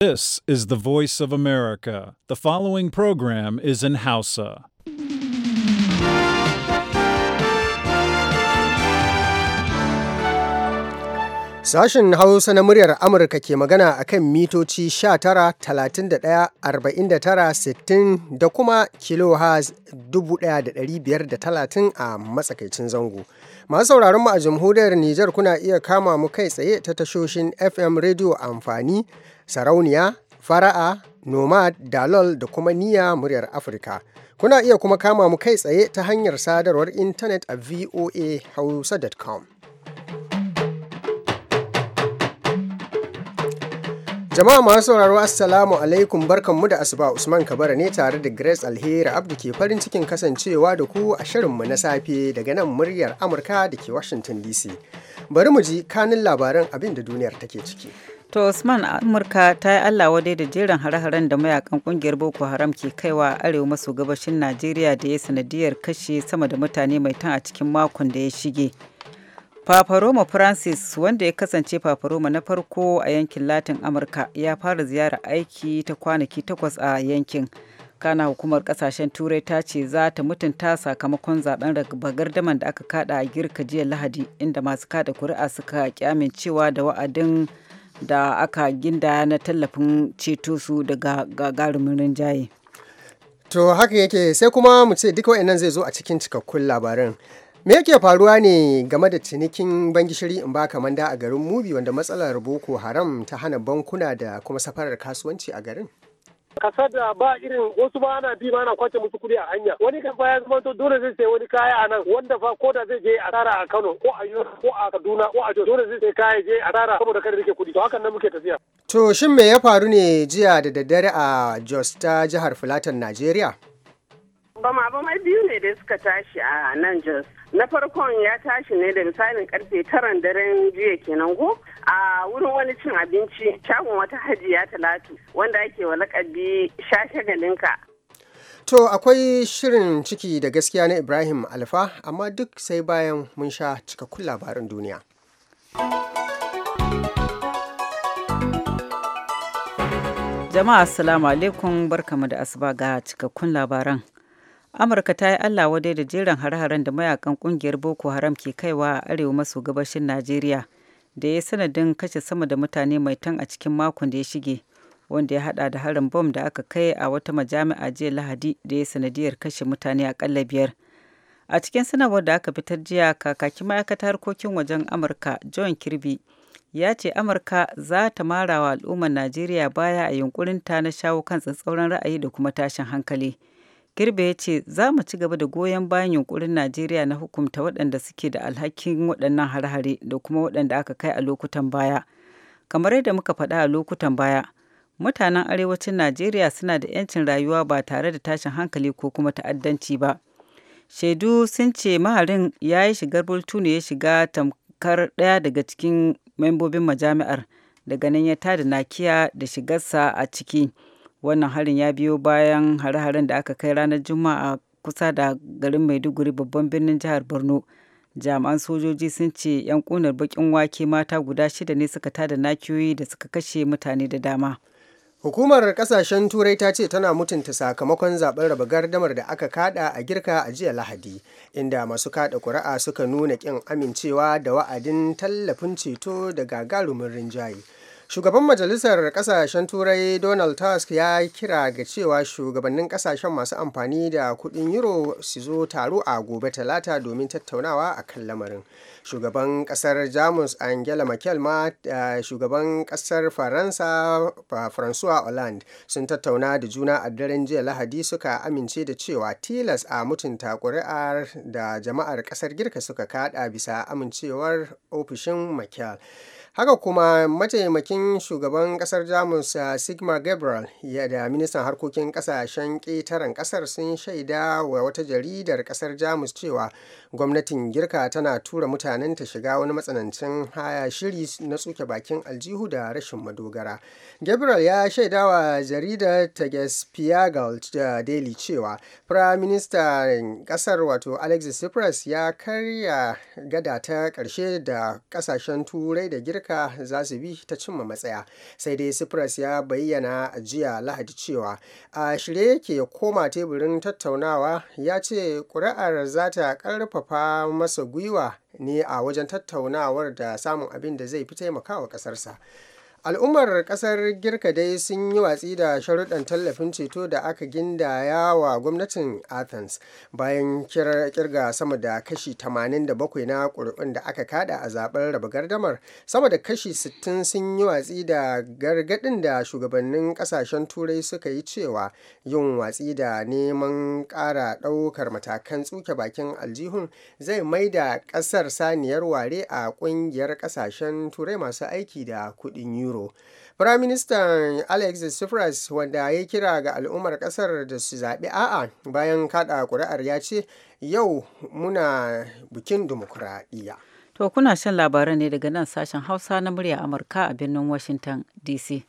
This is the voice of America. The following program is in Hausa. Sashen Hausa na muryar Amurka ke magana a kan mitoci 19,31,49,60 da kuma kilohaz 1,530 a matsakaicin zango. Masu sauraron mu a jamhuriyar Nijar kuna iya kama mu kai tsaye ta tashoshin FM radio amfani sarauniya fara'a nomad dalol da kuma niya muryar afirka kuna iya kuma kama mu kai tsaye ta hanyar sadarwar intanet a voahausa.com Jama'a masu sauraro Assalamu alaikum barkanmu da asuba Usman Kabara ne tare da Grace Alheri Abdu ke farin cikin kasancewa da ku a shirinmu na safe daga nan muryar Amurka da ke Washington DC. Bari mu ji kanin labaran abin da duniyar take ciki. To Usman Amurka ta yi Allah wadai da jerin hare-haren da mayakan kungiyar Boko Haram ke kaiwa arewa maso gabashin Najeriya da ya sanadiyar kashe sama da mutane mai tan a cikin makon da ya shige. Paparoma Francis wanda ya kasance Paparoma na farko a yankin Latin Amurka ya fara ziyara aiki ta kwanaki takwas a yankin. Kana hukumar kasashen Turai ta ce za ta mutunta sakamakon zaben gardaman da aka kada a girka jiya Lahadi inda masu kada kuri'a suka kyamin cewa da wa'adin da aka ginda na tallafin ceto su daga gagarumin rinjaye. To haka yake sai kuma mu ce duka wa'annan zai zo a cikin cikakkun labarin me yake faruwa ne game da cinikin bangishiri in ba kamanda a garin mubi wanda matsalar boko haram ta hana bankuna da kuma safarar kasuwanci a garin kasar da ba irin wasu ba ana bi ma ana kwace musu kuɗi a hanya wani kan ya zama to dole zai saya wani kaya a nan wanda fa ko da zai je a tara a Kano ko a Yola ko a Kaduna ko a Jos dole zai saya kaya je a tara saboda kada rike kuɗi to hakan nan muke tafiya to shin me ya faru ne jiya da daddare a Jos ta jihar Filatan Najeriya bama mai biyu ne da suka tashi a nan Jos na farkon ya tashi ne da misalin karfe taran daren jiya kenan go a wurin wani cin abinci shagon wata hajiya talatu wanda ake wa lakabi shashagalinka To akwai shirin ciki da gaskiya na Ibrahim Alfa amma duk sai bayan mun sha cikakkun labaran duniya. Jama'a Assalamu alaikum barkamu da asuba ga cikakkun labaran. amurka ta yi allah wadai da jeran hare-haren da mayakan kungiyar boko haram ke kaiwa a arewa maso gabashin najeriya da ya sanadin kashe sama da mutane mai tan a cikin makon da ya shige wanda ya hada da harin bom da aka kai a wata majami'a jiya lahadi da ya sanadiyar kashe mutane a akalla biyar a cikin sanarwar da aka fitar jiya kakakin ma'aikatar harkokin wajen amurka john kirby ya ce amurka za ta mara wa al'ummar najeriya baya a yunkurinta na shawo kan tsatsauran ra'ayi da kuma tashin hankali Girbe ya ce za mu ci gaba da goyon bayan yunkurin Najeriya na hukunta waɗanda suke da alhakin waɗannan har-hare da kuma waɗanda aka kai a lokutan baya. Kamar yadda muka faɗa a lokutan baya, mutanen arewacin Najeriya suna da 'yancin rayuwa ba tare da tashin hankali ko kuma ta'addanci ba. Shaidu sun ce maharin ya yi shigar bultu ne ya shiga tamkar ɗaya daga cikin membobin majami'ar daga nan ya tada nakiya da shigarsa a ciki. wannan harin ya biyo bayan hare-haren da aka kai ranar juma'a kusa da garin maiduguri babban birnin jihar borno jami'an sojoji sun ce 'yan kunar bakin wake mata guda shida ne suka tada nakiyoyi da suka kashe mutane da dama Hukumar kasashen Turai ta ce tana mutunta sakamakon zaben raba gardamar da aka kada a girka a jiya Lahadi, inda masu kada kuri'a suka nuna kin amincewa da wa'adin tallafin ceto da gagarumin rinjaye. shugaban majalisar kasashen turai donald tusk ya kira ga cewa shugabannin kasashen masu amfani da kudin euro su zo taro a gobe talata domin tattaunawa a kan lamarin shugaban kasar jamus angela merkel ma da eh, shugaban kasar faransa eh, francois hollande sun tattauna da juna a daren jiya lahadi suka amince da cewa tilas a mutunta kuri'ar da jama'ar kasar girka suka kada bisa amincewar ofishin merkel haka kuma mataimakin shugaban kasar jamus eh, sigma gabriel ya da ministan harkokin kasashen ƙetaren kasar sun shaida wa wata jaridar kasar jamus cewa gwamnatin girka tana tura mutanen ta shiga wani matsanancin haya shiri na tsuke bakin aljihu da rashin madogara gabriel ya shaida wa jaridar tagespiagel da eh, daily cewa firaminista kasar wato alexis tsipras ya karya gada ta ƙarshe da kasashen turai da girka amurka za su bi ta cimma matsaya sai dai cyprus ya bayyana jiya lahadi cewa a shirye yake koma teburin tattaunawa ya ce ƙuri'ar za ta ƙarfafa masa gwiwa ne a wajen tattaunawar da samun abin da zai fi taimakawa ƙasarsa al'ummar ƙasar girka dai sun yi watsi da sharuɗan tallafin ceto da aka gindaya wa gwamnatin athens bayan kirga sama da kashi 87 na ƙuri'un da aka kada a zaben raba gardamar sama da kashi 60 sun yi watsi da gargaɗin da shugabannin ƙasashen turai suka yi cewa yin watsi da neman ƙara ɗaukar matakan tsuke bakin aljihun zai mai da ƙasar saniyar ware a ƙungiyar ƙasashen turai masu aiki da kuɗin euro euro firaministan alexis tsipras wanda ya kira ga al'ummar kasar da su zaɓi a'a bayan kaɗa ƙuri'ar ya ce yau muna bikin dimokuraɗiyya to kuna shan labaran ne daga nan sashen hausa na murya amurka a birnin washington dc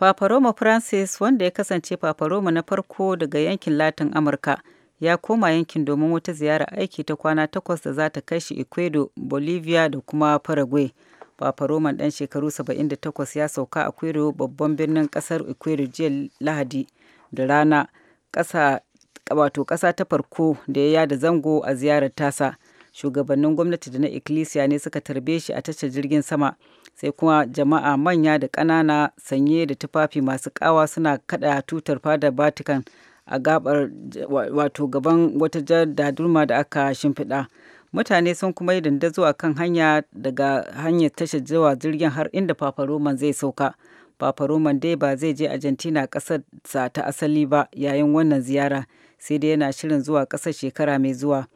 Papa Roma Francis wanda ya kasance Papa Roma na farko daga yankin Latin Amurka ya koma yankin domin wata ziyara aiki ta kwana takwas da za ta kai shi Ecuador, Bolivia da kuma Paraguay. Papa Roman ɗan shekaru 78 ya sauka a Kwero babban birnin kasar Ecuador jiya Lahadi da rana ƙasa wato ƙasa ta farko da ya yada zango a ziyarar tasa. shugabannin gwamnati da na ikkilisiya ne suka tarbe shi a tashar jirgin sama sai kuma jama'a manya da ƙanana sanye da tufafi masu ƙawa suna kaɗa tutar fada vatican a gabar wato gaban wata dadurma da aka shimfiɗa mutane sun kuma yi dandazo a kan hanya daga hanyar tashar zuwa jirgin har inda papa roman zai sauka papa roman dai ba zai je argentina sa ta asali ba yayin wannan ziyara sai dai yana shirin zuwa ƙasar shekara mai zuwa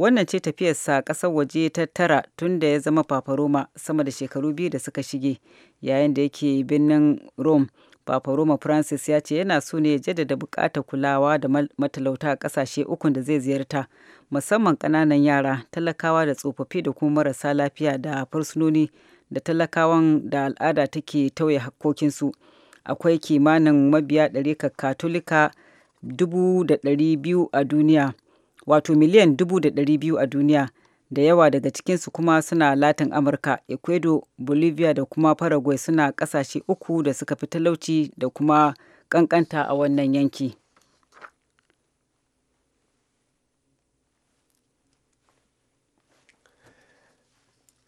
wannan ce tafiyarsa ƙasar waje ta tara tun da ya zama paparoma sama da shekaru biyu da suka shige yayin da yake birnin rome paparoma francis ya ce yana so ne ya jaddada buƙatar kulawa da matalauta a ƙasashe ukun da zai ziyarta musamman ƙananan yara talakawa da tsofaffi da kuma marasa lafiya da fursunoni da talakawan da al'ada take tauye hakkokinsu akwai kimanin mabiya ɗari katolika dubu da ɗari biyu a duniya wato miliyan dubu da ɗari biyu a duniya da yawa daga cikinsu kuma suna latin amurka ecuador bolivia da kuma paraguay suna ƙasashe uku da suka fi talauci da kuma ƙanƙanta a wannan yanki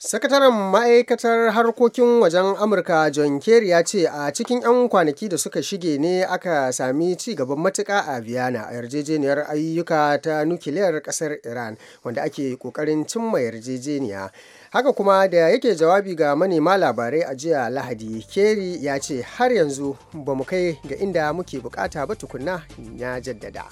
Sakataren Ma'aikatar Harkokin Wajen Amurka John Kerry ya ce a cikin 'yan kwanaki da suka shige ne aka sami ci gaban matuka a viyana a yarjejeniyar ayyuka ta nukiliyar ƙasar Iran wanda ake ƙoƙarin cimma yarjejeniya. haka kuma da yake jawabi ga manema labarai a jiya lahadi kerry ya ce har yanzu ba mu kai ga inda muke bukata ba tukunna ya jaddada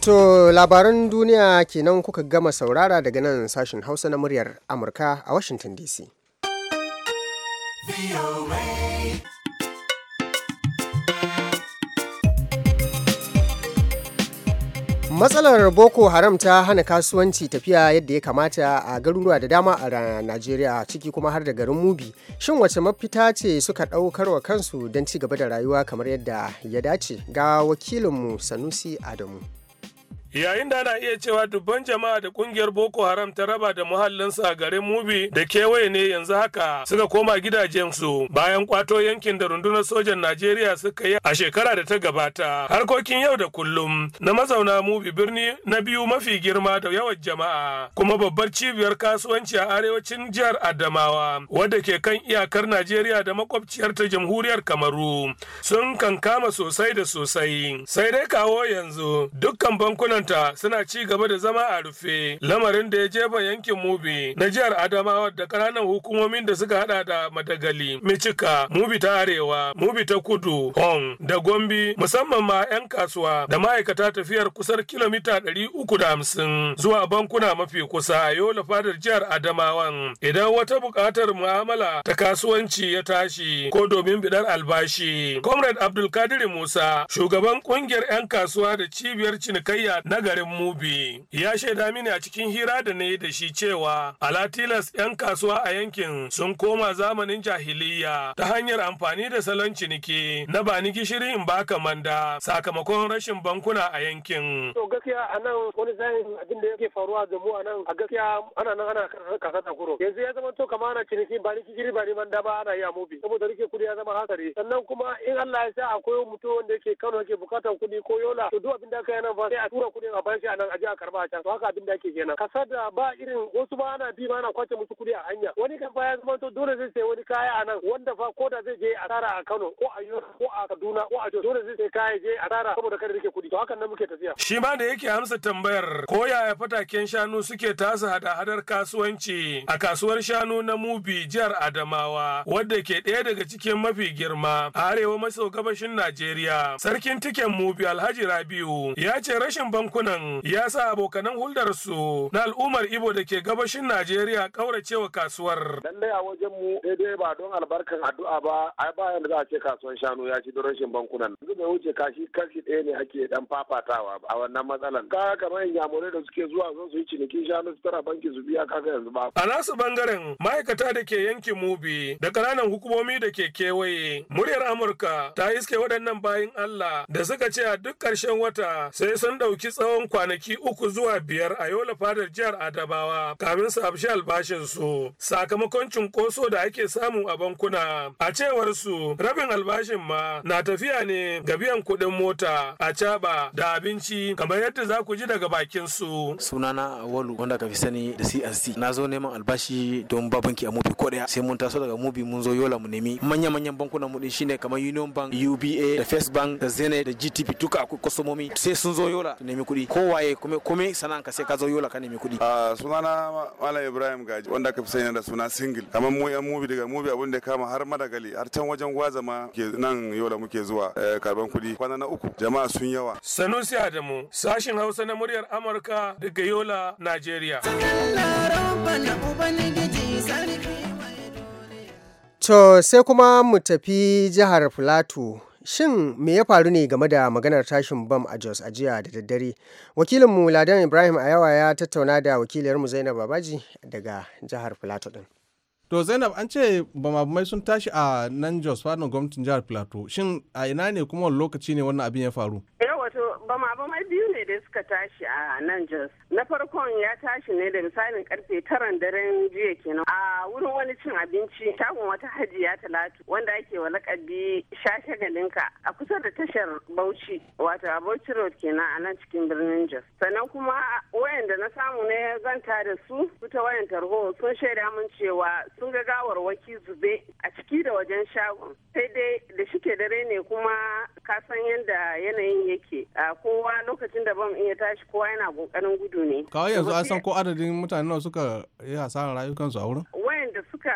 To labaran duniya kenan kuka gama saurara daga nan sashen Hausa na muryar Amurka a Washington DC. matsalar boko haram ta hana kasuwanci tafiya yadda ya kamata a garuruwa da dama a najeriya ciki kuma har da garin mubi shin wace mafita ce suka ɗaukar wa kansu don ci gaba da rayuwa kamar yadda ya dace ga wakilinmu sanusi adamu Yayin da ana iya cewa dubban jama'a da kungiyar Boko Haram ta raba da muhallinsa a garin Mubi da kewaye ne yanzu haka suka koma gidajensu bayan kwato yankin da rundunar sojan Najeriya suka yi a shekara da ta gabata. Harkokin yau da kullum na mazauna Mubi birni na biyu mafi girma da yawan jama'a kuma babbar cibiyar kasuwanci a arewacin jihar Adamawa wadda ke kan iyakar Najeriya da makwabciyar ta jamhuriyar Kamaru sun kankama sosai da sosai. Sai dai kawo yanzu dukkan bankunan kanta suna ci gaba da zama a rufe lamarin da ya jefa yankin mubi na jihar adamawa da ƙananan hukumomin da suka hada da madagali micika mubi ta arewa mubi ta kudu hong da gombi musamman ma 'yan kasuwa da ma'aikata tafiyar kusar kilomita uku da hamsin zuwa bankuna mafi kusa a yola fadar jihar adamawan idan wata buƙatar mu'amala ta kasuwanci ya tashi ko domin bidar albashi comrade abdulkadir musa shugaban ƙungiyar 'yan kasuwa da cibiyar cinikayya na garin Mubi ya shaida mini a cikin hira da na yi da shi cewa alatilas 'yan kasuwa a yankin sun koma zamanin jahiliya ta hanyar amfani da salon ciniki na bani gishiri in baka manda sakamakon rashin bankuna a yankin. To gaskiya a nan wani sayin abin da yake faruwa da mu a nan a gaskiya ana nan ana kasa da kuro. Yanzu ya zama to kamar ana ciniki bani gishiri bani manda ba ana yi a Mubi saboda rike kudi ya zama hatsari. Sannan kuma in Allah ya sa akwai mutum wanda yake Kano yake bukatar kudi ko Yola to duk abin da aka yi nan ba sai a tura kudi kuɗi a bashi a nan a je a karba a can to haka abin da ake kenan kasar da ba irin wasu ba ana bi ma ana kwace musu kuɗi a hanya wani kan ba ya zama to dole zai sai wani kaya a nan wanda fa ko da zai je a tara a Kano ko a Yola ko a Kaduna ko a Jos dole zai sai kaya je a tara saboda kada rike kuɗi to hakan nan muke tafiya shi ma da yake amsa tambayar ko yaya fataken shanu suke tasa hada-hadar kasuwanci a kasuwar shanu na Mubi jihar Adamawa wadda ke ɗaya daga cikin mafi girma a arewa maso gabashin Najeriya sarkin tiken Mubi Alhaji Rabiu ya ce rashin ban yankunan ya sa abokanan su na al'ummar Ibo da ke gabashin Najeriya kauracewa kasuwar. Lallai a wajen mu daidai ba don albarkar addu'a ba ai ba yanda za a ce kasuwan shanu ya ci don rashin bankunan. Yanzu bai wuce kashi kashi ɗaya ne ake dan fafatawa a wannan matsalan. Kaya kamar yamure da suke zuwa zo su yi cinikin shanu su tara banki su biya kaga yanzu ba. A nasu bangaren ma'aikata da ke yankin Mubi da ƙananan hukumomi da ke kewaye. Muryar Amurka ta iske waɗannan bayin Allah da suka ce a duk ƙarshen wata sai sun ɗauki tsawon kwanaki uku zuwa biyar a yola fadar jihar Adabawa kamin su amshi albashin su sakamakon cunkoso da ake samu a bankuna. A cewar su rabin albashin ma na tafiya ne ga biyan kuɗin mota a caba da abinci kamar yadda za ku ji daga bakin su. Sunana Walu wanda ka fi sani da CNC na zo neman albashi don ba banki a mubi ko sai mun taso daga mubi mun zo yola mu nemi manya-manyan bankunan mu din shine kamar Union Bank, UBA da First Bank da Zenith da GTP duka akwai kwasomomi sai sun zo yola nemi kuɗi kowaye kuma kome sana'an ka sai ka zo yola ka nemi kuɗi a ah, sunana malam ibrahim gaji wanda ka fi sanya da suna single kamar mu yan mubi daga mubi abin da kama har madagali har can wajen gwaza ma ke nan yola muke zuwa eh, karban kuɗi kwana na uku jama'a sun yawa sanusi adamu sashin hausa na muryar amurka daga yola nigeria To sai kuma mu tafi jihar Filato Shin me ya faru ne game da maganar tashin bam a Jos a jiya da daddare? Wakilinmu Ladan Ibrahim Ayawa ya tattauna da wakiliyarmu Zainab Babaji daga jihar Filato din. To Zainab an ce bamabumai sun tashi a nan Jos fadin gwamnatin jihar Filato. Shin a ina ne kuma lokaci ne wannan abin ya faru? Eh wato bamabumai biyu ne da suka tashi a nan Jos. na farkon ya tashi ne da misalin karfe taran daren jiya kenan a wurin wani cin abinci shagon wata hajiya talatu wanda ake wa lakabi shashagalinka a kusa da tashar bauchi wato a bauchi road kenan a nan cikin birnin jos sannan kuma wayanda na samu ne zanta da su ta wayan tarho sun shaida mun cewa sun ga gawar waki zube a ciki da wajen shagon sai dai da shike dare ne kuma ka san yadda yanayin yake kowa lokacin da bam iya tashi kowa yana kokarin gudu su ne kawai yanzu an san ko adadin mutane nawa suka yi hasarar rayukansu a wurin wayanda suka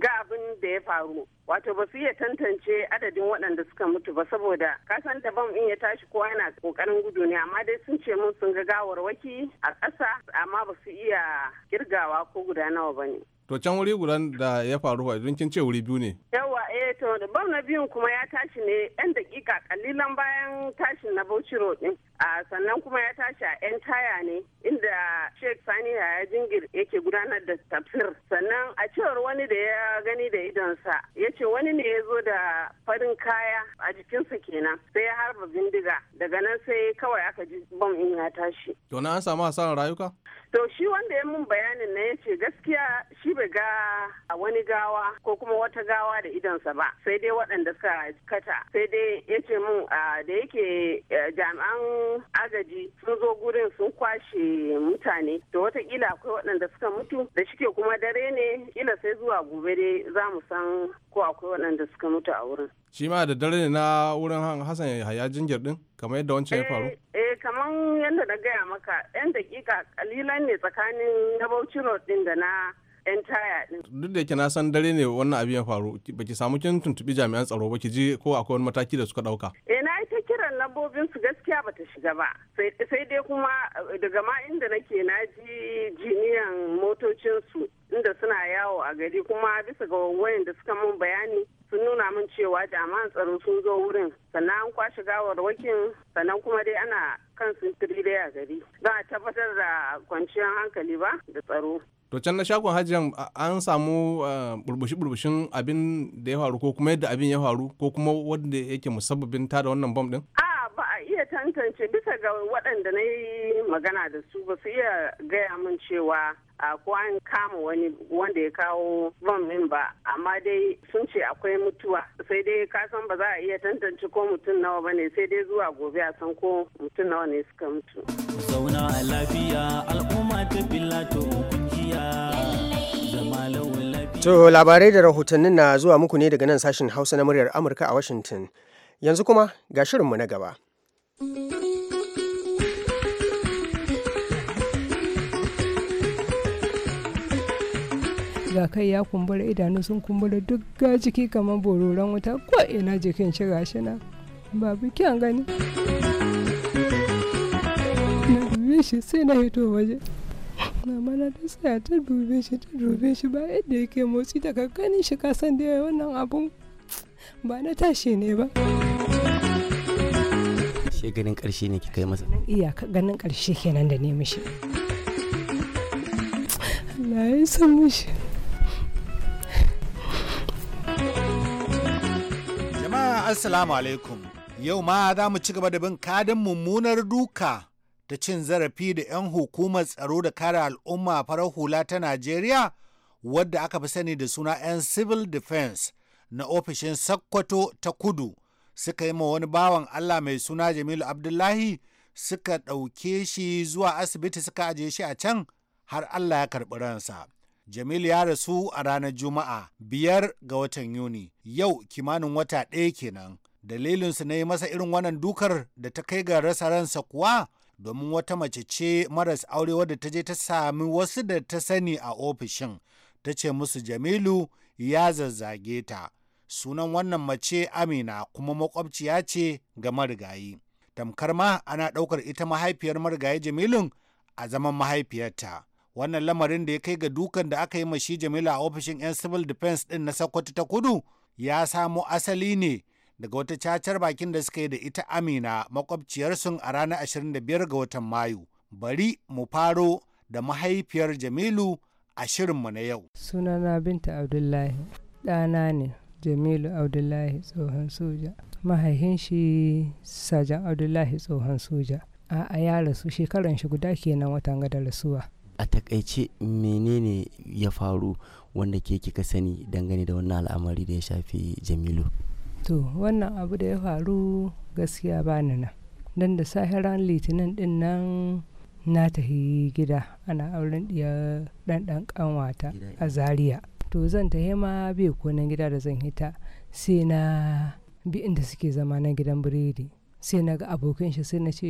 ga abin da ya faru wato ba su iya tantance adadin waɗanda suka mutu ba saboda kasan da bam in ya tashi kowa yana ƙoƙarin gudu ne amma dai sun ce mun sun ga gawar waki a ƙasa amma ba su iya kirgawa ko guda nawa ba ne to can wuri gudan da ya faru fa don kin ce wuri biyu ne yawwa eh to bam na biyun kuma ya tashi ne yan dakika kalilan bayan tashin na bauchi road ɗin. a sannan kuma ya tashi a 'yan taya ne inda sheikh sani ya jingir yake gudanar da tafsir sannan a cewar wani da ya gani da idonsa ya ce wani ne ya zo da farin kaya a jikinsa kenan sai ya harba bindiga daga nan sai kawai aka ji bom in ya tashi to na an samu asarar rayuka to shi wanda ya mun bayanin na ya ce gaskiya shi bai ga a wani gawa ko kuma wata gawa da idonsa ba sai dai waɗanda suka kata sai dai ya ce mun da yake eh, jami'an agaji sun zo gurin sun kwashe mutane da watakila akwai waɗanda suka mutu da shike kuma dare ne kila sai zuwa gobe dai za mu san ko akwai waɗanda suka mutu a wurin. shi ma da dare ne na wurin hassan ya jingir din kamar yadda wancan ya eh, faru. eh kamar yadda na gaya maka 'yan dakika kalilan ne tsakanin na bauchi road din da na yan taya din. Duk da yake na san dare ne wannan abin ya faru, baki samu kin tuntubi jami'an tsaro ba ki ji ko akwai wani mataki da suka dauka. Eh na yi ta kiran lambobin su gaskiya bata shiga ba sai dai kuma eh, daga ma inda nake na ji jiniyan motocinsu inda suna yawo a gari kuma bisa ga wayan da suka mun bayani sun nuna min cewa jami'an tsaro sun zo wurin sannan an kwashe gawarwakin sannan kuma dai ana kan sintiri dai a gari za a tabbatar da kwanciyar hankali ba da tsaro to can na shagon hajjan an samu eh, burbushi-burbushin abin da ya faru ko kuma yadda abin ya faru ko kuma wanda yake musabbabin tada wannan bom din? tantance bisa ga waɗanda na yi magana da su ba su iya gaya min cewa a ko an kama wani wanda ya kawo ban min ba amma dai sun ce akwai mutuwa sai dai ka san ba za a iya tantance ko mutum nawa bane sai dai zuwa gobe a san ko mutum nawa ne suka mutu zauna a lafiya al'umma ta billato kungiya To labarai da rahotannin na zuwa muku ne daga nan sashen Hausa na muryar Amurka a Washington. Yanzu kuma ga shirinmu na gaba. ga kai ya kumbura idanu sun kumbura duk ga jiki kamar bororon wuta ko ina jikin shi gashi na babu kyan gani na dube shi sai na hito waje mama na ta sai ta dube shi ta dube shi ba yadda yake motsi daga ganin shi ka san da wannan abun ba na tashi ne ba shi ganin karshe ne ki kai masa iya ganin karshe kenan da ne mishi Allah ya san mishi assalamu alaikum yau ma za mu ci gaba da bin kadin mummunar duka ta cin zarafi da 'yan hukumar tsaro da kare al'umma farar hula ta najeriya wadda aka fi sani da suna 'yan civil defense na ofishin sakkwato ta kudu suka yi ma wani bawan allah mai suna jamilu abdullahi suka ɗauke shi zuwa asibiti suka ajiye shi a can har allah ya karɓi ransa. Jamil ya rasu a ranar Juma'a biyar ga watan Yuni, yau kimanin wata ɗaya kenan. Dalilinsu na yi masa irin wannan dukar da ta kai ga rasa ransa kuwa domin wata mace ce maras aure wadda ta je ta sami wasu da ta sani a ofishin. Ta ce musu Jamilu ya zazzage ta. Sunan wannan mace Amina kuma makwabciya ce ga marigayi. Tamkar ma ana ɗaukar ita mahaifiyar marigayi Jamilun a zaman mahaifiyarta. wannan lamarin da ya kai ga dukan da aka yi mashi jamila a ofishin 'yan civil defense din na sokoto ta kudu ya samo asali ne daga wata cacar bakin da suka yi da ita amina sun a ranar 25 ga watan mayu bari mu faro da mahaifiyar jamilu a shirinmu na yau sunana binta abdullahi ɗana ne jamilu abdullahi tsohon soja mahaifin shi sajan abdullahi tsohon soja a ya rasu shekaran shi guda kenan watan gada rasuwa a takaice menene ya faru wanda ke kika sani dangane da wannan al'amari da ya shafi jamilu to wannan abu da ya faru gaskiya bani nan don da sahiran litinin din nan na tafi gida ana auren ɗiyar ɗanɗan ƙanwata a zaria to zan tahi ma bai konan gida da zan hita sai na bi inda suke zama na gidan biredi sai na ga abokan shi sai na ce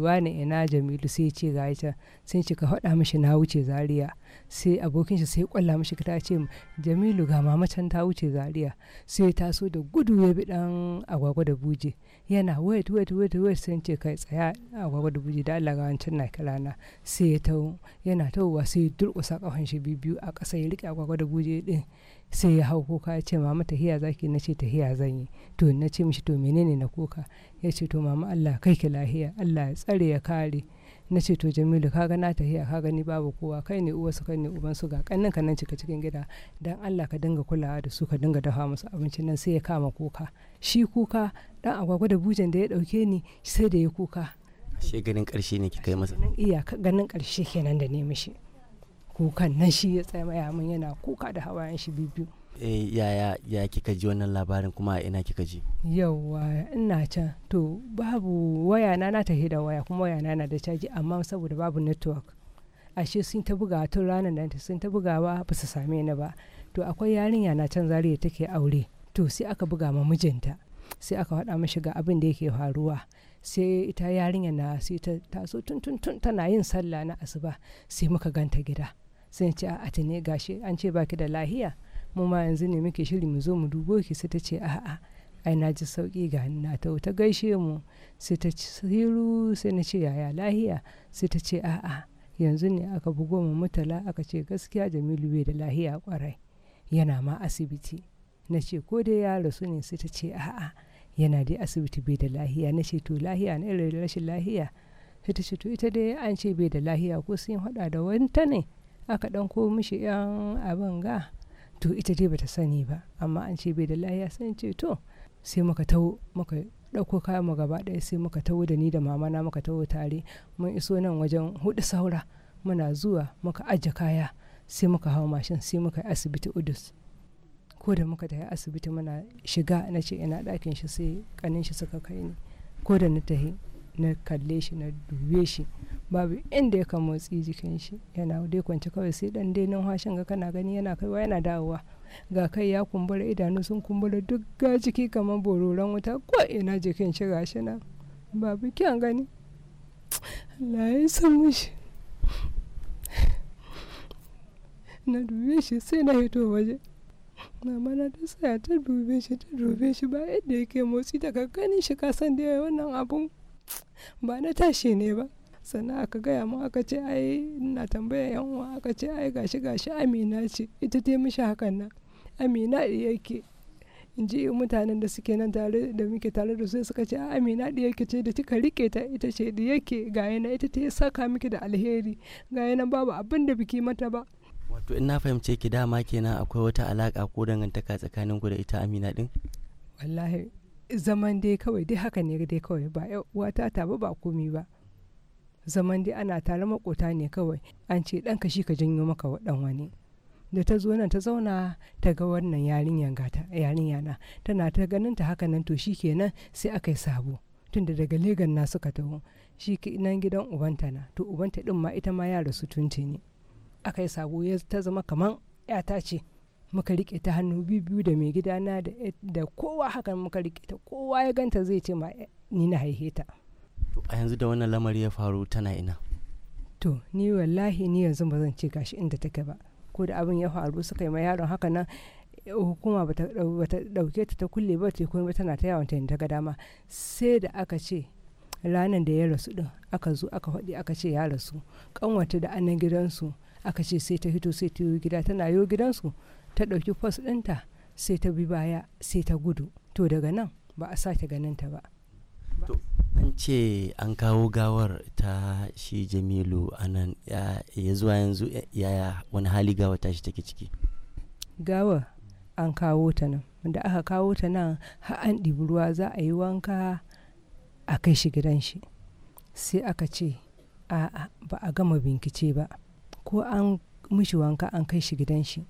wani ina jamilu sai ce ga ita sai ce ka faɗa mishi na wuce zaria sai abokin shi sai kwalla mishi ta ce jamilu ga mamacan ta wuce Zariya? sai ta so da gudu ya bi dan agwagwa da buje yana wait wait wait wait sai ce kai tsaya agwagwa da buje da Allah ga wancan na kalana sai ya tawo yana tawowa sai durƙusa kafan shi biyu a ƙasa ya rike agwagwa da buje din sai ya hau kuka ya ce mama tahiya zaki na ce tahiya zan yi to na ce mishi to menene na kuka ya ce to mama Allah kai ki lahiya Allah ya tsare ya kare na ce to Jamilu ka ga na tahiya ka gani babu kowa kai ne uwarsu kai ne su ga kannin ka nan cika cikin gida dan Allah ka dinga kulawa da su ka dinga dafa musu abinci nan sai ya kama kuka shi kuka dan agwagwa da bujen da ya dauke ni sai da ya kuka shi ganin karshe ne ki kai masa iya ganin karshe kenan da ne mishi kukan nan shi ya tsaya mun yana kuka da hawayen shi biyu eh, yaya ya kika ji wannan labarin kuma ina kika ji yauwa ina can to babu waya na na tafi da waya kuma waya na na da caji amma saboda babu network ashe sun ta buga tun ranar nan sun ta bugawa ba su same ni ba to akwai yarinya na can zariya take aure to sai aka buga ma mijinta sai aka faɗa mashi ga abin da yake faruwa sai ita yarinya na sai ta taso tun tun tana yin sallah na asuba sai muka ganta gida sai ce a ne gashi an ce baki da lahiya mu ma yanzu ne muke shiri mu zo mu dubo ki sai ta ce a'a ai na ji sauki ga na ta ta gaishe mu sai ta hiru sai na ce yaya lahiya sai ta ce a'a yanzu ne aka bugo mu mutala aka ce gaskiya Jamilu bai da lahiya kwarai yana ma asibiti na ce ko dai ya rasu ne sai ta ce a'a yana dai asibiti bai da lahiya na ce to lahiya na irin rashin lahiya sai ta ce to ita dai an ce bai da lahiya ko sun hada da wanta ne aka ɗanko mishi yan abin ga to ita dai bata sani ba amma an ce bai da lahiya sai ce to sai muka taho muka ɗauko mu gaba ɗaya sai muka taho da ni da mama na muka taho tare mun iso nan wajen hudu saura muna zuwa muka ajiye kaya sai muka hau mashin sai muka yi asibiti udus ko da muka tafi asibiti muna shiga na ce ina ɗakin shi sai kanin shi suka kai ni ko da na tafi na kalle shi na dube shi babu inda ya motsi jikin shi yana dai kwance kawai sai dan dai numfashin ga kana gani yana kaiwa yana dawowa ga kai ya kumbura idanu sun kumbura duk ga jiki kamar bororon wuta ko ina jikin shi gashi nan babu kyan gani Allah ya san shi. na dube shi sai na hito waje mama na ta tsaya ta dube shi ta dube shi ba yadda yake motsi daga ganin shi kasan da wannan abun ba na tashi ne ba sannan aka gaya mu aka ce ai ina tambaya yan uwa aka ce ai gashi gashi amina ce ita ta mishi hakan nan amina yake in ji mutanen da suke nan tare da muke tare da su suka ce a amina da yake ce da kika rike ta ita ce da yake ga yana ita ta saka miki da alheri ga yana babu abin da biki mata ba wato in na fahimce ki dama kenan akwai wata alaka ko dangantaka tsakanin ku da ita amina din wallahi zaman dai kawai dai haka ne dai kawai ba uwata ta ba ba komi ba zaman dai ana tare makota ne kawai an ce dan ka shi ka janyo maka ɗan wani da ta zo nan ta zauna ta ga wannan yarinyan gata yarinya na tana ta ganin ta haka nan to shi shikenan sai aka yi sabo tunda daga legan na suka taho shi nan gidan ubanta na to ubanta din ma ita ma ya rasu tunce ne aka yi sabo ya ta zama kaman yata ce muka rike ta hannu biyu da mai gidana da kowa haka muka rike ta kowa ya ganta zai ce ma eh, ni na haihe ta to a yanzu da wannan lamari ya faru tana ina to ni wallahi ni yanzu ba zan ce gashi inda take ba ko da abin ya faru suka yi ma yaron haka nan hukuma bata dauke ta ta kulle ba ta kuma tana ta yawon ta ta ga dama sai da aka ce ranar da ya rasu din aka zo aka faɗi aka ce ya rasu kanwata da annan gidansu aka ce sai ta hito sai ta yi gida tana yo gidansu ta ɗauki fos ɗinta sai ta bi baya sai ta gudu to daga nan ba a sake ganin ta ba an ce an kawo gawar ta shi jamilu anan ya zuwa yanzu yaya wani hali gawar ta shi take ciki gawar an kawo ta nan wanda aka kawo ta nan har an ɗibi ruwa za a yi wanka a kai shi gidan shi sai aka ce a'a ba a gama bincike ba ko an mishi wanka an kai shi gidan shi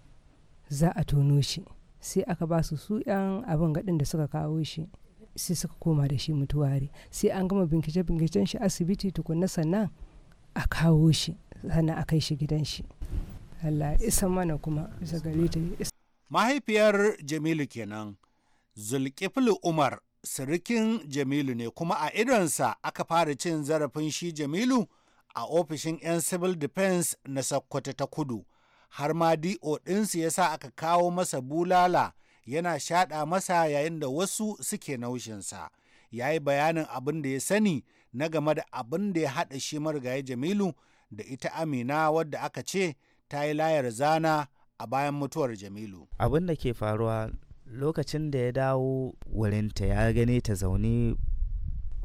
za a tono shi sai aka ba su su yan abin gadin da suka kawo shi sai suka koma da shi mutuware sai an gama bincike-binciken shi asibiti tukunna sannan a kawo shi sannan a kai shi gidan shi Allah isa mana kuma isa gare ta mahaifiyar Jamilu kenan Zulkiflu Umar sirikin Jamilu ne kuma a idonsa aka fara cin zarafin shi Jamilu a ofishin 'yan civil defense na Sokoto ta kudu har ma DO ɗinsu ya sa aka kawo masa bulala yana shaɗa masa yayin da wasu suke naushinsa. Ya yi bayanin abin da ya sani na game da abin da ya haɗa shi marigayi Jamilu da ita Amina wadda aka ce ta yi layar zana a bayan mutuwar Jamilu. Abin da ke faruwa lokacin da ya dawo wurinta ya gani ta zaune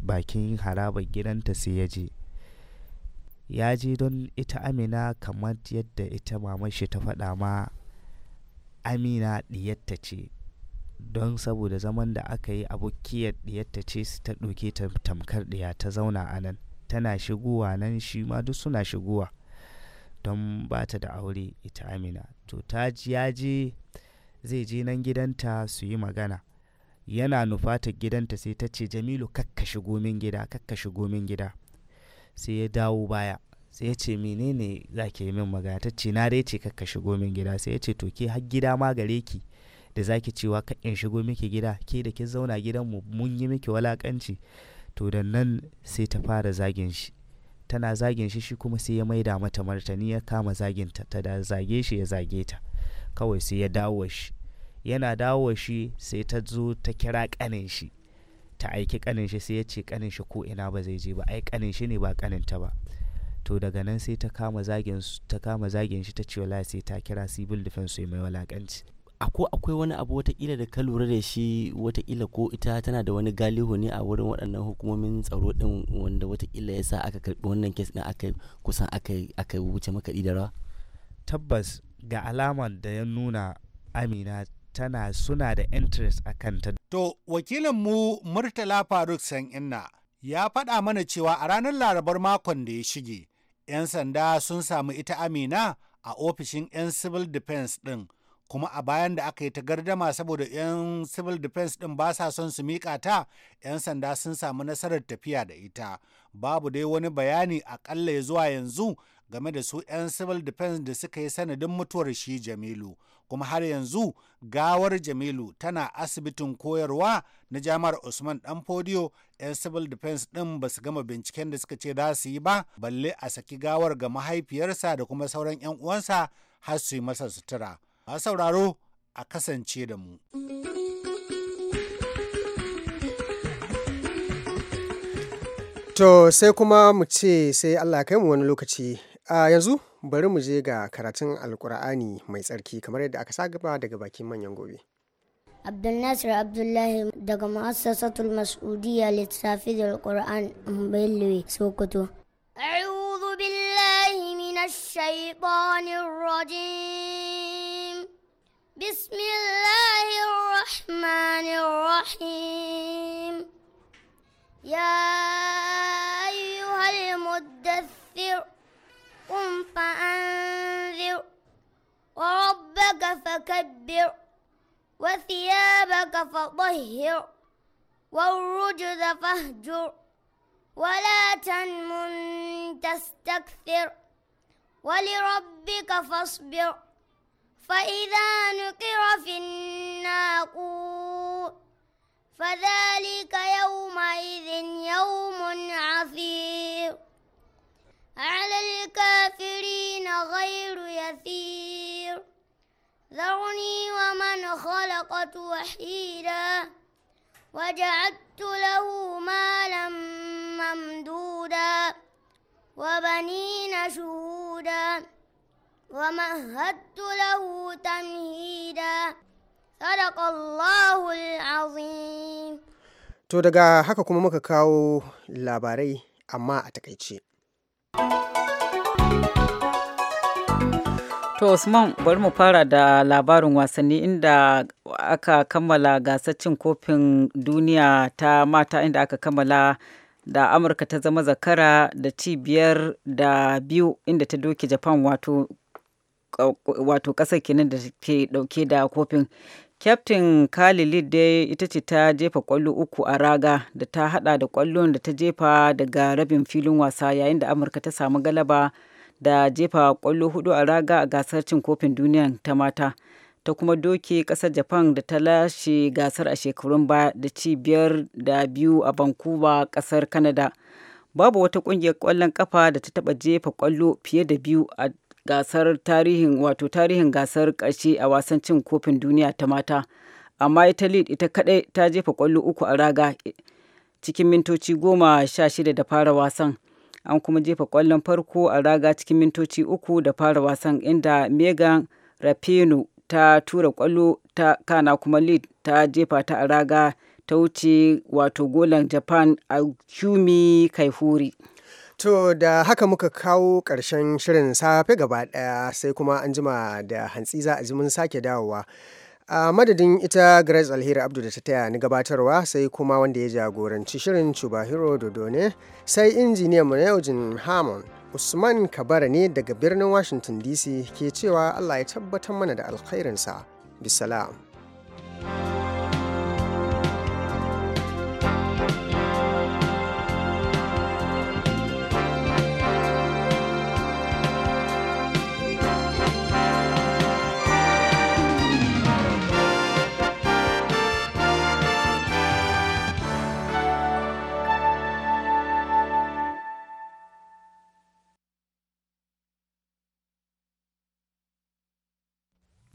bakin harabar gidanta sai ya je ya je don ita amina kamar yadda ita mamar shi ta faɗa ma amina ɗiyatta ce don saboda zaman da aka yi abokiyar ɗiyatta ce su ta ɗauke ta tamkar ɗiya ta zauna a nan tana shigowa nan shi ma duk suna shigowa don ba ta da aure ita amina to ta ya je zai je nan gidanta su yi magana yana nufatar gidanta sai ta ce jamilu kakka shigo min gida kakka shigo min gida sai ya dawo baya sai ya ce menene za ki yi min magana ta ce na dai ce ka shigo min gida sai ya ce to ke har gida ma gare ki da zaki cewa ka in shigo miki gida ke da ki zauna gidan mu mun yi miki walakanci to da nan sai ta fara zagin shi tana zagin shi shi kuma sai ya maida mata martani ya kama zagin ta ta da zage shi ya zage ta kawai sai ya dawo shi yana dawo shi sai ta zo ta kira kanin shi ta aiki kanin shi sai ya ce kanin shi ko ina ba zai je ba ai kanin shi ne ba kanin ta ba to daga nan sai ta kama zagin ta kama zagin shi ta ce wala sai ta kira civil defense mai walakanci ako akwai wani abu watakila da ka lura da shi watakila ko ita tana da wani galihu ne a wurin waɗannan hukumomin tsaro din wanda watakila ya sa aka karɓi wannan kes ɗin aka kusan aka wuce makaɗi da rawa tabbas ga alamar da ya nuna amina tana suna da interest a kanta. To wakilin mu Murtala Faruk san inna ya faɗa mana cewa a ranar larabar makon da ya shige 'yan sanda sun samu ita Amina a ofishin 'yan civil defense ɗin kuma a bayan da aka yi ta gardama saboda 'yan civil defense ɗin ba sa son su miƙa ta 'yan sanda sun samu nasarar tafiya da ita babu dai wani bayani akalla ya zuwa yanzu game da su 'yan civil defense da suka yi sanadin mutuwar shi Jamilu, kuma har yanzu gawar Jamilu tana asibitin koyarwa na jami'ar Usman dan podio 'yan civil defense din ba su gama binciken da suka ce za su yi ba, balle a saki gawar ga mahaifiyarsa da kuma sauran 'yan uwansa har su yi masa sutura. A sauraro a kasance da mu. To sai kuma mu ce sai Allah kai mu wani lokaci A yanzu bari mu je ga karatun Alkur'ani mai tsarki kamar yadda aka sagaba daga bakin manyan gobe. Abdulnasir Abdullahi daga Ma'asasatul Mas'udiyya littafi da Alkur'an Mbelewe Sokoto. أعوذ billahi من الشيطان rajim. بسم الله Rahim. Ya ayyuhal muddathir قم فأنذر وربك فكبر وثيابك فطهر والرجز فاهجر ولا تنم تستكثر ولربك فاصبر فإذا نقر في الناقور فذلك يومئذ يوم عظيم على الكافرين غير يسير ذرني ومن خلقت وحيدا وجعلت له مالا ممدودا وبنين شهودا ومهدت له تمهيدا صدق الله العظيم تو daga haka kuma muka kawo labarai amma a takaice. To Usman bari mu fara da labarin wasanni inda aka kammala gasar cin kofin duniya ta mata inda aka kammala da Amurka ta zama zakara da ci biyar da biyu inda ta doke Japan wato wato kasar kenan da ke dauke da kofin Kyaftin Khalilid dai ita ce ta jefa kwallo uku a raga da ta hada da kwallon da ta jefa daga rabin filin wasa yayin da Amurka ta samu galaba da jefa kwallo hudu a raga a gasar cin kofin duniya ta mata. Ta kuma doke kasar Japan da ta lashe gasar a shekarun baya da ci biyar da biyu a Vancouver kasar Canada. Babu wata kungiyar kwallon kafa da ta taba jefa kwallo fiye da biyu a gasar tarihin wato tarihin gasar ƙarshe a wasan cin kofin duniya ta mata amma ita lead ita kadai ta jefa kwallo uku a raga e, cikin mintoci goma sha shida da fara wasan an kuma jefa kwallon farko a raga cikin mintoci uku da fara wasan inda megan rapino ta tura kwallo ta kana kuma lead ta jefa ta a raga ta wuce wato golan japan a kyumi kaifuri To da haka muka kawo ƙarshen shirin safe gaba ɗaya sai kuma an jima da hantsi za a ji mun sake dawowa. A madadin ita Grace Alheri Abdu da ta taya ni gabatarwa sai kuma wanda ya jagoranci shirin dodo ne sai injiniyan mu na Hammond Usman Kabara ne daga birnin Washington DC ke cewa Allah ya tabbatar mana da alkhairinsa. Bisalam.